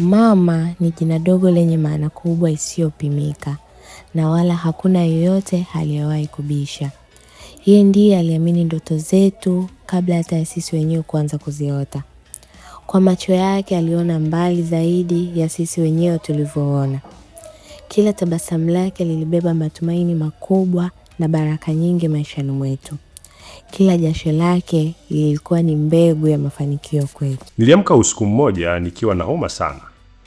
Mama ni jina dogo lenye maana kubwa isiyopimika na wala hakuna yeyote aliyewahi kubisha. Yeye ndiye aliamini ndoto zetu kabla hata sisi wenyewe kuanza kuziota. Kwa macho yake aliona mbali zaidi ya sisi wenyewe tulivyoona. Kila tabasamu lake lilibeba matumaini makubwa na baraka nyingi maishani mwetu. Kila jasho lake lilikuwa ni mbegu ya mafanikio kwetu. Niliamka usiku mmoja nikiwa na homa sana,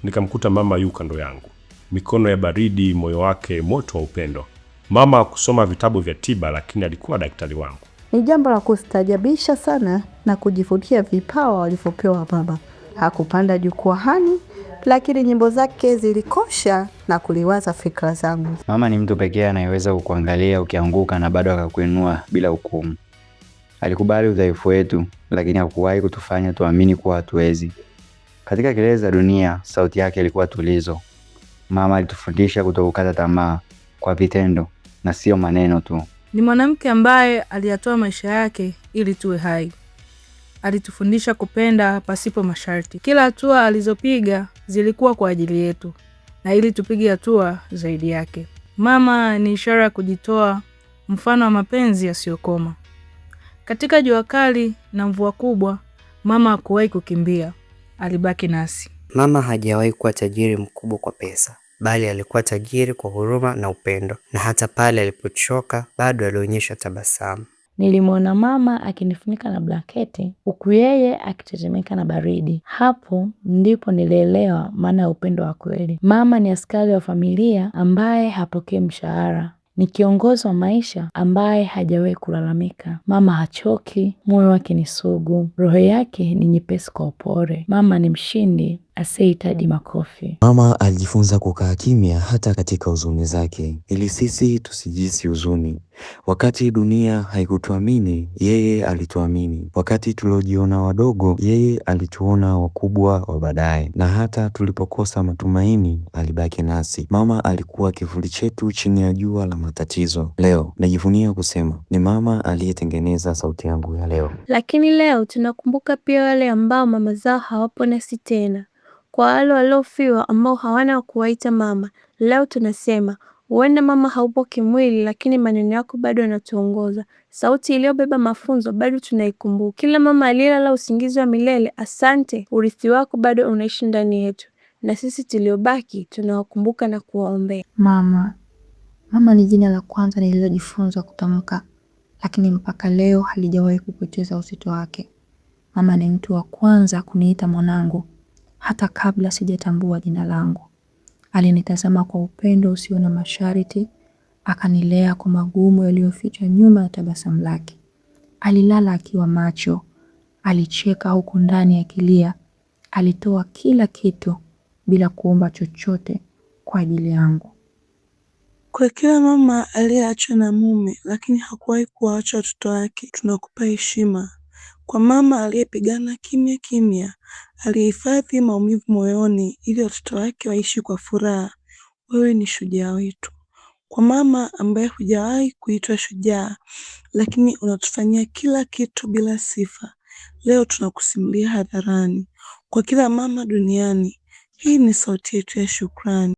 nikamkuta mama yu kando yangu, mikono ya baridi, moyo wake moto wa upendo. Mama kusoma vitabu vya tiba, lakini alikuwa daktari wangu. Ni jambo la kustajabisha sana na kujivutia vipawa walivyopewa baba. Hakupanda jukwaani, lakini nyimbo zake zilikosha na kuliwaza fikra zangu. Mama ni mtu pekee anayeweza kukuangalia ukianguka na bado akakuinua bila hukumu. Alikubali udhaifu wetu, lakini hakuwahi kutufanya tuamini kuwa hatuwezi. Katika kelele za dunia, sauti yake ilikuwa tulizo. Mama alitufundisha kutokukata tamaa kwa vitendo na sio maneno tu. Ni mwanamke ambaye aliyatoa maisha yake ili tuwe hai. Alitufundisha kupenda pasipo masharti. Kila hatua alizopiga zilikuwa kwa ajili yetu na ili tupige hatua zaidi yake. Mama ni ishara ya kujitoa, mfano wa mapenzi yasiyokoma. Katika jua kali na mvua kubwa, mama hakuwahi kukimbia, alibaki nasi. Mama hajawahi kuwa tajiri mkubwa kwa pesa, bali alikuwa tajiri kwa huruma na upendo, na hata pale alipochoka bado alionyesha tabasamu. Nilimwona mama akinifunika na blanketi huku yeye akitetemeka na baridi. Hapo ndipo nilielewa maana ya upendo wa kweli. Mama ni askari wa familia ambaye hapokee mshahara, ni kiongozi wa maisha ambaye hajawahi kulalamika. Mama hachoki, moyo wake ni sugu, roho yake ni nyepesi kwa upore Mama ni mshindi asiyehitaji makofi. Mama alijifunza kukaa kimya hata katika huzuni zake, ili sisi tusijisi huzuni. Wakati dunia haikutuamini, yeye alituamini. Wakati tuliojiona wadogo, yeye alituona wakubwa wa baadaye, na hata tulipokosa matumaini, alibaki nasi. Mama alikuwa kivuli chetu chini ya jua la matatizo. Leo najivunia kusema ni mama aliyetengeneza sauti yangu ya leo. Lakini leo tunakumbuka pia wale ambao mama zao hawapo nasi tena. Kwa wale waliofiwa ambao hawana wa kuwaita mama, leo tunasema huenda mama haupo kimwili, lakini maneno yako bado yanatuongoza. Sauti iliyobeba mafunzo bado tunaikumbuka. Kila mama aliyelala usingizi wa milele, asante, urithi wako bado unaishi ndani yetu, na sisi tuliobaki tunawakumbuka na kuwaombea. Mama, mama ni jina la kwanza nililojifunza kutamka, lakini mpaka leo halijawahi kupoteza uzito wake. Mama ni mtu wa kwanza kuniita mwanangu hata kabla sijatambua jina langu. Alinitazama kwa upendo usio na masharti, akanilea kwa magumu yaliyoficha nyuma ya tabasamu lake. Alilala akiwa macho, alicheka huku ndani akilia, alitoa kila kitu bila kuomba chochote kwa ajili yangu. Kwa kila mama aliyeachwa na mume, lakini hakuwahi kuwaacha watoto wake, tunakupa heshima. Kwa mama aliyepigana kimya kimya, aliyehifadhi maumivu moyoni ili watoto wake waishi kwa furaha, wewe ni shujaa wetu. Kwa mama ambaye hujawahi kuitwa shujaa, lakini unatufanyia kila kitu bila sifa, leo tunakusimulia hadharani. Kwa kila mama duniani, hii ni sauti yetu ya shukrani.